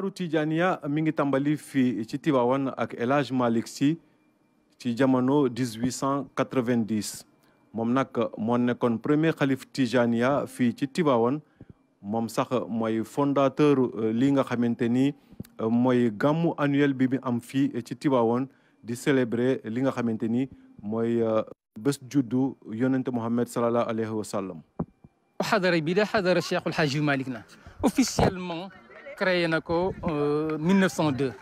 xibaaru Tijaaniya mi ngi tàmbali fii ci Tiwaawan ak El Hadj Malick Sy ci jamono 1890 moom nag moo nekkoon premier xalif Tijaaniya fii ci Tiwaawan moom sax mooy fondateur euh, li nga xamante ni euh, mooy gàmmu annuel bi am fii ci Tiwaawan di célébrer li nga xamante ni mooy euh, bés juddu yonente Muhammad sallallahu alayhi créé na ko 1902 euh,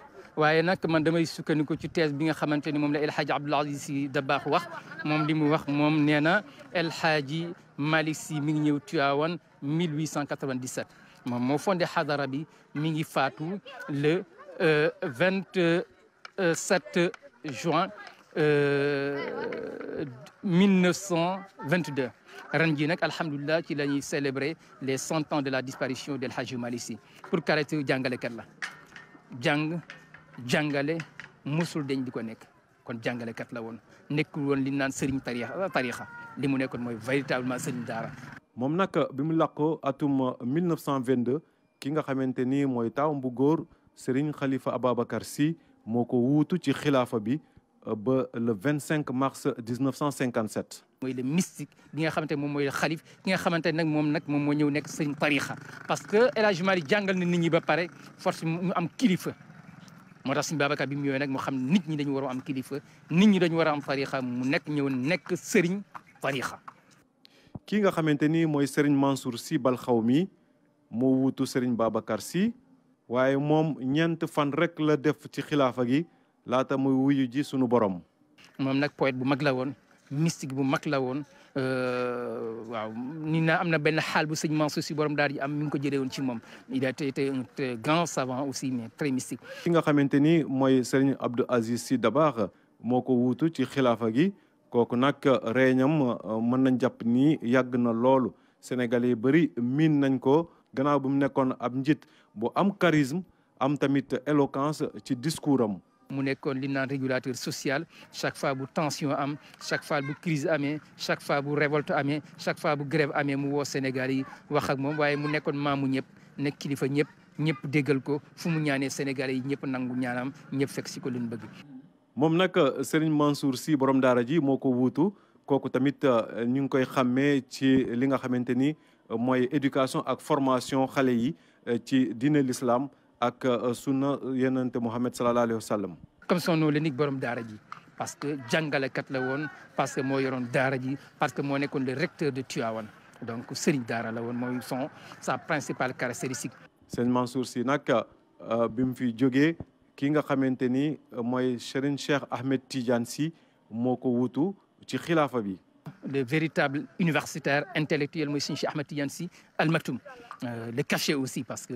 waaye nag man damay sukkandiku ci tees bi nga xamante ni moom la El Hadj Abdoul Aziz Sy Dabakh wax moom li mu wax moom nee na El Hadj Malick Sy mi ngi ñëw Tivaouane 1897 moom moo fondé xadara bi mi ngi faatu le 27 euh, juin 1922. Euh, ren jii nag alhamdulilah ci la ñuy célébrer les cent ans de la disparition del Hadji Malick Sy pour caractère jàngalekat la jàng jàngale musul deñ di ko nekk kon jàngalekat la woon nekkul woon li naan sëriñ tarixa euh, tarixa li mu nekkoon mooy véritablement sëriñ daara moom nag bi mu làqoo atum 1922 euh, ki nga xamante nii mooy taawam bu góor sëriñ Khalifa Ababacar si moo ko wuutu ci xilaafa bi Euh, ba le 25 mars 1957. mooy le mystique bi nga xamante moom mooy le xalif ki nga xamante nag moom nag moom moo ñëw nekk sëriñ tarixa parce que El Hadj jàngal na nit ñi ba pare force mu am kilifa. moo tax suñu Babacar bi mu nag mu xam nit ñi dañu war a am kilifa nit ñi dañu war a am tarixa mu nekk ñëw nekk sëriñ tarixa. kii nga xamante ni mooy sëriñ Mansour Sy mi moo wuutu sëriñ Babacar si waaye moom ñeent fan rek la def ci xilaafa gi. laata mooy wuyu ji sunu borom. moom nag poète bu mag la woon mystique bu mag la woon euh, waaw ni naa am na benn xaal bu sëñ Mansour si borom daal di am mi ngi ko jëlee woon ci moom il a été un savant aussi mais très mystique. nga xamante ni mooy sëriñ Abdou Aziz Sy Dabakh moo ko wuutu ci xilaafa gi kooku nag reeñam euh, mën nañ jàpp ni yàgg na loolu Sénégal yi bëri miin nañ ko gannaaw bu mu nekkoon ab njit bu am charisme am tamit éloquence ci discours am. mu nekkoon li naan régulateur sociale chaque fois bu tension am chaque fois bu crise amee chaque fois bu révolte amee chaque fois bu grève amee mu woo Sénégal yi wax ak moom waaye mu nekkoon maamu ñëpp nekk kilifa ñëpp ñëpp déggal ko fu mu ñaanee Sénégal yi ñëpp nangu ñaanam ñëpp fekk si ko lu ñu bëgg. moom nag Serigne Mansour Sy borom daara ji moo ko wuutu kooku tamit ñu ngi koy xàmmee ci li nga xamante ni mooy éducation ak formation xale yi ci diine l'islam ak euh, sunna yenente Muhammad sallallahu alayhi wa sallam comme son nom l'indique borom daara ji parce que jàngalekat la woon parce que moo yoroon daara ji parce que moo nekkoon le recteur de Tivaouane donc sëriñ daara la woon mooy son sa principale caractéristique. sëñ Mansour si nag euh, bi mu fi jógee ki nga xamante ni euh, mooy sëriñ Cheikh Ahmed Tidiane si moo ko wutu ci xilaafa bi. le véritable universitaire intellectuel mooy Cheikh Ahmed Tidiane Sy Al euh, le cachet aussi parce que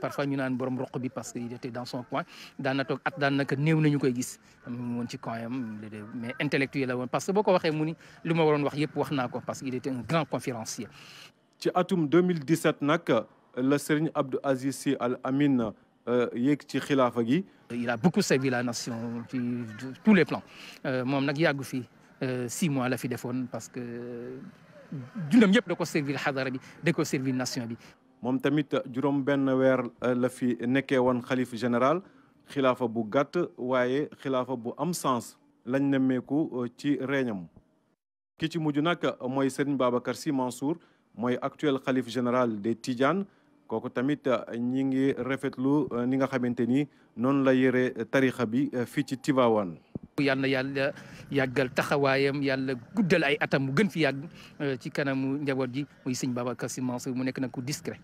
parfois ñu naan borom roq bi parce que il était dans son coin daan na at daan naka nañu koy gis mais intellectuel la woon parce que boo ko mu ni lu ma waroon wax yëpp wax naa ko parce que il était un grand conférencier. ci atum 2017 nag la Serigne Abdou Aziz Sy Al Amin euh, yéeg ci xilaafa gi. il a beaucoup servi la nation ci tous les plans euh, moom nag yàggu fii. Euh, six mois la fi defoon parce que euh, dundam yëpp de ko servir xadara bi da ko servir nation bi. moom tamit juróom benn weer euh, la fi nekkee woon xalif général xilaafa bu gàtt waaye xilaafa bu am sens lañ nemmeeku ci reeñam ki ci mujj nag mooy Serigne Babacar Sy Mansour mooy actuel xalif général de Tidjane kooku tamit ñi ngi rafetlu ni nga xamante ni noonu la yëre tarixa bi fii ci Tivaouane yàlla na yàlla yàggal taxawaayam yàlla guddal ay atam mu gën fi yàgg euh, ci kanamu njaboot ji muy sëñ Babacar Sy Mansour mu nekk nag ku discret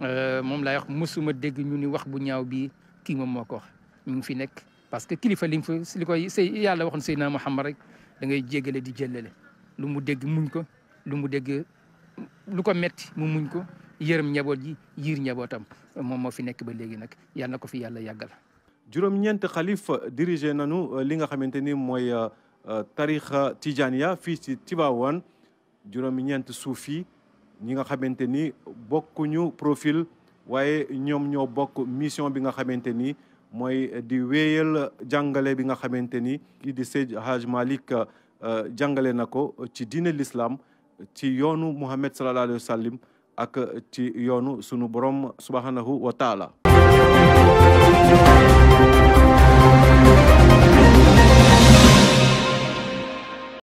euh, moom laa wax mosuma dégg ñu ni wax bu ñaaw bi kii moom moo ko wax ñu ngi fi nekk parce que kilifa li fa li koy sëy yàlla waxoon Seydina Muhammad rek da ngay jéggale di jëllale lu mu dégg muñ ko lu mu dégg lu ko metti mu muñ ko yërëm njaboot ji yiir njabootam moom moo fi nekk ba léegi nag yàlla na ko fi yàlla yàggal juróom-ñeent xalif dirigé nañu euh, li nga xamante ni mooy euh, euh, tarixa ya fii ci Tivaouane juróom-ñeent suufi ñi nga xamante ni bokkuñu profil waaye ñoom ñoo bokk mission bi nga xamante ni mooy di wéyal jàngale bi nga xamante ni kii di Seydi Hadj Malick jàngale na ko ci diine l'islam ci yoonu Muhammad sallallahu alayhi ak ci yoonu sunu borom subhanahu wa taala Thank you.